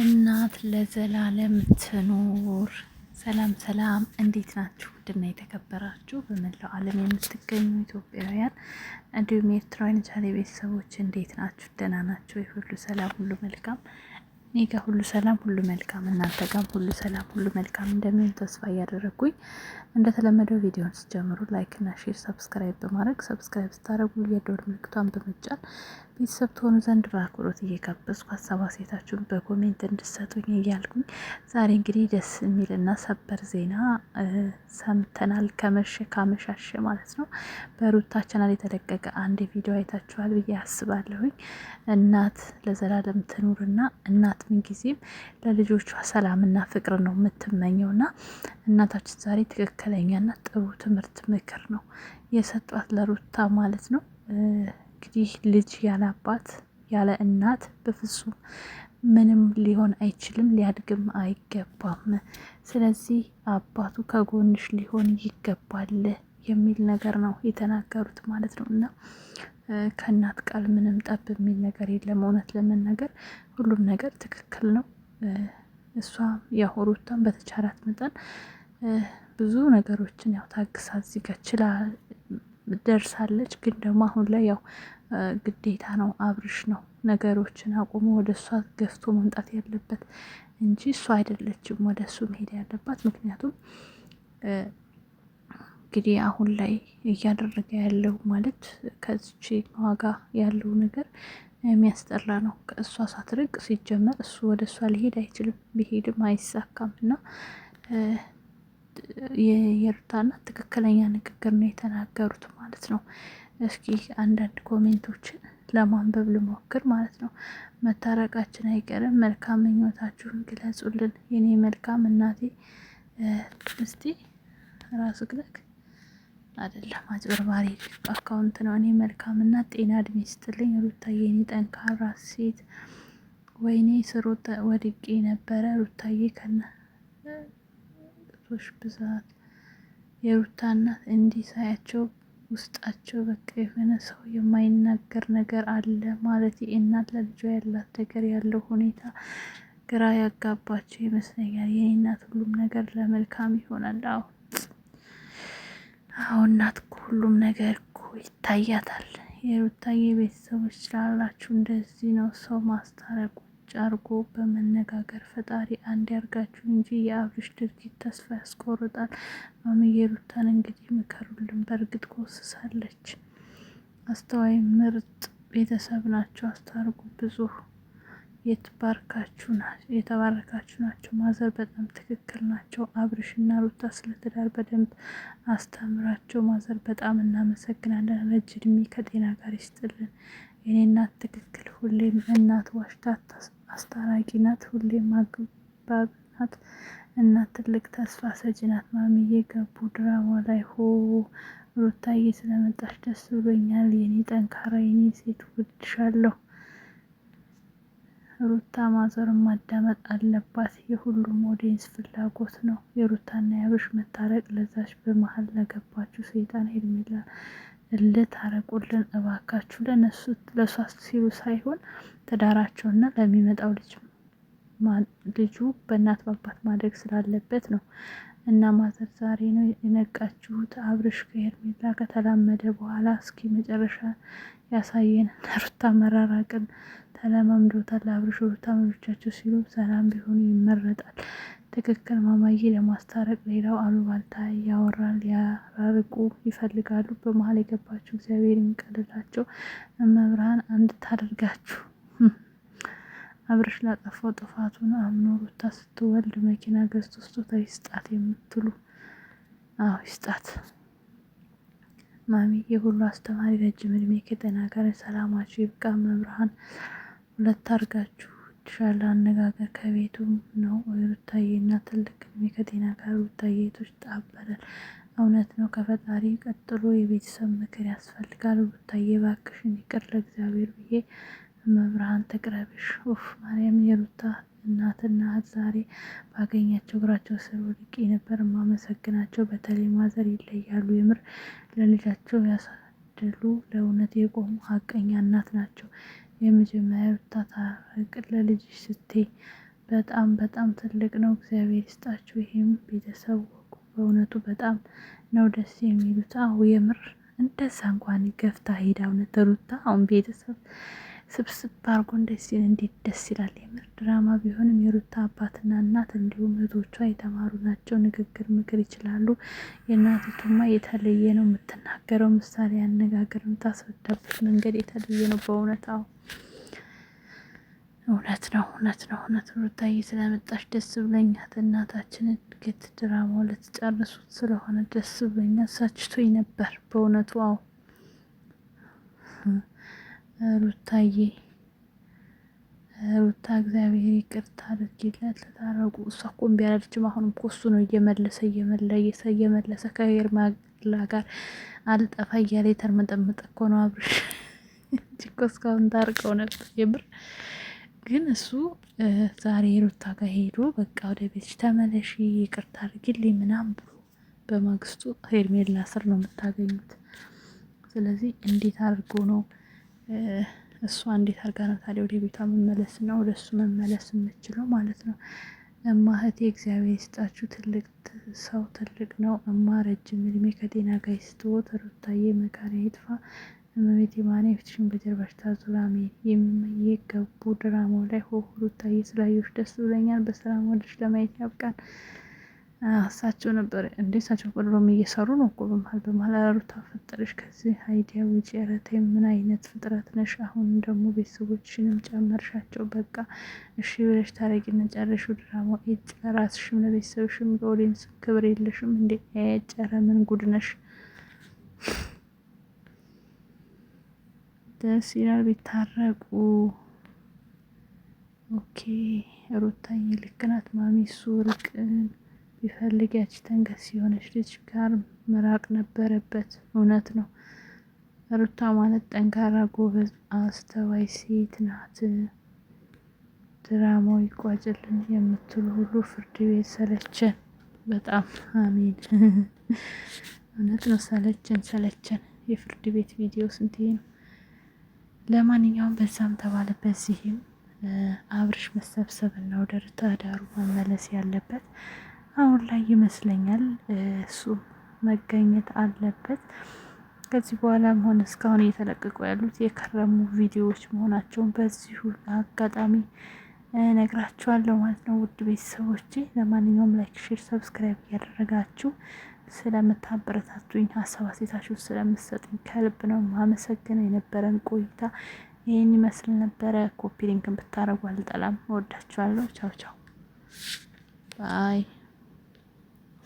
እናት ለዘላለም ትኑር። ሰላም ሰላም፣ እንዴት ናችሁ? ውድና የተከበራችሁ በመላው ዓለም የምትገኙ ኢትዮጵያውያን እንዲሁም ኤርትራውያን ቻሌ ቤተሰቦች እንዴት ናችሁ? ደህና ናቸው? ሁሉ ሰላም፣ ሁሉ መልካም እኔ ጋር ሁሉ ሰላም ሁሉ መልካም እናንተ ጋርም ሁሉ ሰላም ሁሉ መልካም እንደሚሆን ተስፋ እያደረግኩኝ እንደተለመደው ቪዲዮን ስጀምሩ ላይክ እና ሼር ሰብስክራይብ በማድረግ ሰብስክራይብ ስታደረጉ የደወል ምልክቷን በመጫን ቤተሰብ ትሆኑ ዘንድ በአክብሮት እየጋበዝኩ ሀሳብ አስተያየታችሁን በኮሜንት እንድሰጡኝ እያልኩኝ ዛሬ እንግዲህ ደስ የሚልና ሰበር ዜና ሰምተናል። ከመሸ ካመሻሸ ማለት ነው። በሩታ ቻናል የተለቀቀ አንድ ቪዲዮ አይታችኋል ብዬ አስባለሁኝ። እናት ለዘላለም ትኑርና እናት ምንጊዜም ለልጆቿ ሰላምና ፍቅር ነው የምትመኘውና እናታችን ዛሬ ትክክለኛና ጥሩ ትምህርት ምክር ነው የሰጧት ለሩታ ማለት ነው። እንግዲህ ልጅ ያለ አባት ያለ እናት በፍጹም ምንም ሊሆን አይችልም፣ ሊያድግም አይገባም። ስለዚህ አባቱ ከጎንሽ ሊሆን ይገባል የሚል ነገር ነው የተናገሩት ማለት ነው። እና ከእናት ቃል ምንም ጠብ የሚል ነገር የለም። እውነት ለመናገር ሁሉም ነገር ትክክል ነው። እሷ ያው በተቻላት መጠን ብዙ ነገሮችን ያው ታግሳ እዚህ ችላ ደርሳለች። ግን ደግሞ አሁን ላይ ያው ግዴታ ነው አብርሽ ነው ነገሮችን አቁሞ ወደ እሷ ገፍቶ መምጣት ያለበት እንጂ እሷ አይደለችም ወደ እሱ መሄድ ያለባት። ምክንያቱም እንግዲህ አሁን ላይ እያደረገ ያለው ማለት ከዚች ዋጋ ያለው ነገር የሚያስጠላ ነው። ከእሷ ሳትርቅ ሲጀመር እሱ ወደ እሷ ሊሄድ አይችልም፣ ቢሄድም አይሳካም እና የሩታና ትክክለኛ ንግግር ነው የተናገሩት ማለት ነው። እስኪ አንዳንድ ኮሜንቶችን ለማንበብ ልሞክር ማለት ነው። መታረቃችን አይቀርም፣ መልካም ምኞታችሁን ግለጹልን። የኔ መልካም እናቴ እስቲ ራሱ ግለክ አይደለም አጭበርባሪ አካውንት ነው። እኔ መልካም እና ጤና እድሜ ስትልኝ ሩታ ጠንካራ ሴት፣ ወይኔ ስሮ ወድቄ ነበረ ሩታዬ ከና ሰዎች ብዛት የሩታ እናት እንዲህ ሳያቸው ውስጣቸው በቃ የሆነ ሰው የማይናገር ነገር አለ ማለት እናት ለልጇ ያላት ነገር ያለው ሁኔታ ግራ ያጋባቸው ይመስለኛል። የኔ እናት ሁሉም ነገር ለመልካም ይሆናል። አሁ አሁ እናት ሁሉም ነገር እኮ ይታያታል። የሩታዬ ቤተሰቦች ስላላችሁ እንደዚህ ነው ሰው ማስታረቁ ቁጭ አርጎ በመነጋገር ፈጣሪ አንድ ያርጋችሁ እንጂ የአብርሽ ድርጊት ተስፋ ያስቆርጣል። ማሚዬ ሩታን እንግዲህ ምከሩልን። በእርግጥ ቆስሳለች። አስተዋይ ምርጥ ቤተሰብ ናቸው። አስታርጉ ብዙ የተባረካችሁ ናቸው። ማዘር በጣም ትክክል ናቸው። አብርሽ እና ሩታ ስለ ትዳር በደንብ አስተምራቸው። ማዘር በጣም እናመሰግናለን። ረጅም እድሜ ከጤና ጋር ይስጥልን። የኔ እናት ትክክል፣ ሁሌም እናት ዋሽታ አስታራቂ ናት። ሁሌም አግባብ ናት። እናት ትልቅ ተስፋ ሰጪ ናት። ማሚዬ ገቡ ድራማ ላይ ሆ ሩታዬ ስለመጣች ደስ ብሎኛል። የኔ ጠንካራ የኔ ሴት ውድሻለሁ። ሩታ ማዘርን ማዳመጥ አለባት። የሁሉም ኦዲየንስ ፍላጎት ነው። የሩታና የአብርሽ መታረቅ ለዛች በመሀል ለገባችሁ ሰይጣን ሄርሜላ ልታረቁልን እባካችሁ። ለነሱ ለሷ ሲሉ ሳይሆን ትዳራቸውና ለሚመጣው ልጅ ልጁ በእናት ባባት ማደግ ስላለበት ነው። እና ማዘር ዛሬ ነው የነቃችሁት? አብርሽ ከሄርሜላ ከተላመደ በኋላ እስኪ መጨረሻ ያሳየን ሩታ መራራቅን ሰላም አምዶታል። አብርሽ ሩታ መብቻቸው ሲሉ ሰላም ቢሆኑ ይመረጣል። ትክክል ማማዬ። ለማስታረቅ ሌላው አሉባልታ ያወራል። ያራርቁ ይፈልጋሉ። በመሀል የገባችሁ እግዚአብሔር የሚቀልላቸው መብርሃን አንድ ታደርጋችሁ። አብርሽ ላጠፋው ጥፋቱን አምኖ ሩታ ስትወልድ መኪና ገዝቶ ስጦታ ይስጣት የምትሉ አዎ ይስጣት። ማሚ የሁሉ አስተማሪ ረጅም እድሜ ከጤና ጋር ሰላማችሁ ይብቃ። መብርሃን ሁለት አድርጋችሁ ይሻላል አነጋገር ከቤቱ ነው። ሩታዬ እና ትልቅ እድሜ ከጤና ጋር ሩታዬ ቶች እውነት ነው። ከፈጣሪ ቀጥሎ የቤተሰብ ምክር ያስፈልጋል። ሩታዬ ባክሽን ይቅር ለእግዚአብሔር ብዬ መብርሃን ትቅረብሽ። ኡፍ ማርያም የሩታ እናትና እህት ዛሬ ባገኛቸው እግራቸው ስር ወድቄ ነበር ማመሰግናቸው። በተለይ ማዘር ይለያሉ። የምር ለልጃቸው ያሳድሉ። ለእውነት የቆሙ ሀቀኛ እናት ናቸው። የመጀመሪያ እርዳታ እቅድ ለልጅሽ ስትይ በጣም በጣም ትልቅ ነው። እግዚአብሔር ይስጣችሁ። ይህም ቤተሰብ በእውነቱ በጣም ነው ደስ የሚሉት። አሁ የምር እንደዛ እንኳን ገፍታ ሄዳ እውነት ሩታ አሁን ቤተሰብ ስብስብ አርጎ እንደዚህ እንዴት ደስ ይላል የምር ድራማ ቢሆንም የሩታ አባትና እናት እንዲሁም እህቶቿ የተማሩ ናቸው። ንግግር፣ ምክር ይችላሉ። የእናቲቱማ የተለየ ነው የምትናገረው። ምሳሌ አነጋገር የምታስረዳበት መንገድ የተለየ ነው። በእውነት አዎ፣ እውነት ነው፣ እውነት ነው፣ እውነት ነው። ሩታዬ ስለመጣሽ ደስ ብሎኛል። እናታችን እድገት ድራማው ልትጨርሱት ስለሆነ ደስ ብሎኛል። ሳችቶኝ ነበር በእውነቱ አዎ ሩታዬ ሩታ እግዚአብሔር ይቅርታ አድርጊለት፣ ተታረቁ። እሷ እኮ እምቢ አላለችም። አሁንም እኮ ነው እየመለሰ እየመለየሰ እየመለሰ ከሄርሜላ ጋር አልጠፋ እያለ የተርመጠመጠ እኮ ነው አብርሽ እንጂ እኮ እስካሁን ታርቀው ነበር። የምር ግን እሱ ዛሬ ሩታ ጋር ሄዶ በቃ ወደ ቤትሽ ተመለሺ፣ ይቅርታ አድርጊልኝ ምናም ብሎ በማግስቱ ሄርሜላ ስር ነው የምታገኙት። ስለዚህ እንዴት አድርጎ ነው እሷ እንዴት አድርጋ ነው ታዲያ ወደ ቤቷ መመለስ መመለስና ወደ እሱ መመለስ የምችለው ማለት ነው? እማ እማህቴ እግዚአብሔር ይስጣችሁ። ትልቅ ሰው ትልቅ ነው። እማ ረጅም እድሜ ከጤና ጋር ይስጥዎት። ሩታዬ መካሪያ ይጥፋ። እመቤቴ ማርያም የፊትሽን በጀርባሽ ታዙር። አሜን። የሚገቡ ድራማው ላይ ሆ ሩታዬ ስላየሁሽ ደስ ብለኛል። በሰላም ወደሽ ለማየት ያብቃል። እሳቸው ነበር እንዴ? እሳቸው በድሮም እየሰሩ ነው እኮ በመሀል በመሀል ሩታ ፈጠረሽ ከዚህ አይዲያ ውጭ ረተይ ምን አይነት ፍጥረት ነሽ? አሁን ደግሞ ቤተሰቦችንም ጨመርሻቸው። በቃ እሺ ብለሽ ታረቂና ጨረሹ ድራማ ኤጭ። ለራስሽም ለቤተሰብሽም ለኦዲየንስ ክብር የለሽም እንዴ? ኤጭ ረ ምን ጉድ ነሽ? ደስ ይላል ቢታረቁ። ኦኬ ሩታዬ ልክ ናት ማሚ ሱርቅን ቢፈልግ ያቺ ተንገስ የሆነች ልጅ ጋር ምራቅ ነበረበት። እውነት ነው። ሩታ ማለት ጠንካራ፣ ጎበዝ፣ አስተዋይ ሴት ናት። ድራማው ይቋጭልን የምትሉ ሁሉ ፍርድ ቤት ሰለቸን፣ በጣም አሜን። እውነት ነው። ሰለቸን ሰለቸን። የፍርድ ቤት ቪዲዮ ስንት ነው? ለማንኛውም በዛም ተባለ በዚህም አብርሽ መሰብሰብ እና ወደ ሩታ ዳሩ መመለስ ያለበት አሁን ላይ ይመስለኛል እሱ መገኘት አለበት። ከዚህ በኋላም ሆነ እስካሁን እየተለቀቁ ያሉት የከረሙ ቪዲዮዎች መሆናቸውን በዚሁ አጋጣሚ ነግራችኋለሁ ማለት ነው። ውድ ቤተሰቦቼ ለማንኛውም ላይክ፣ ሼር፣ ሰብስክራይብ እያደረጋችሁ ስለምታበረታቱኝ ሀሳብ አስተያየታችሁን ስለምትሰጡኝ ከልብ ነው ማመሰግነው። የነበረን ቆይታ ይህን ይመስል ነበረ። ኮፒ ሊንክን ብታደርጉ አልጠላም። ወዳችኋለሁ። ቻው ቻው ባይ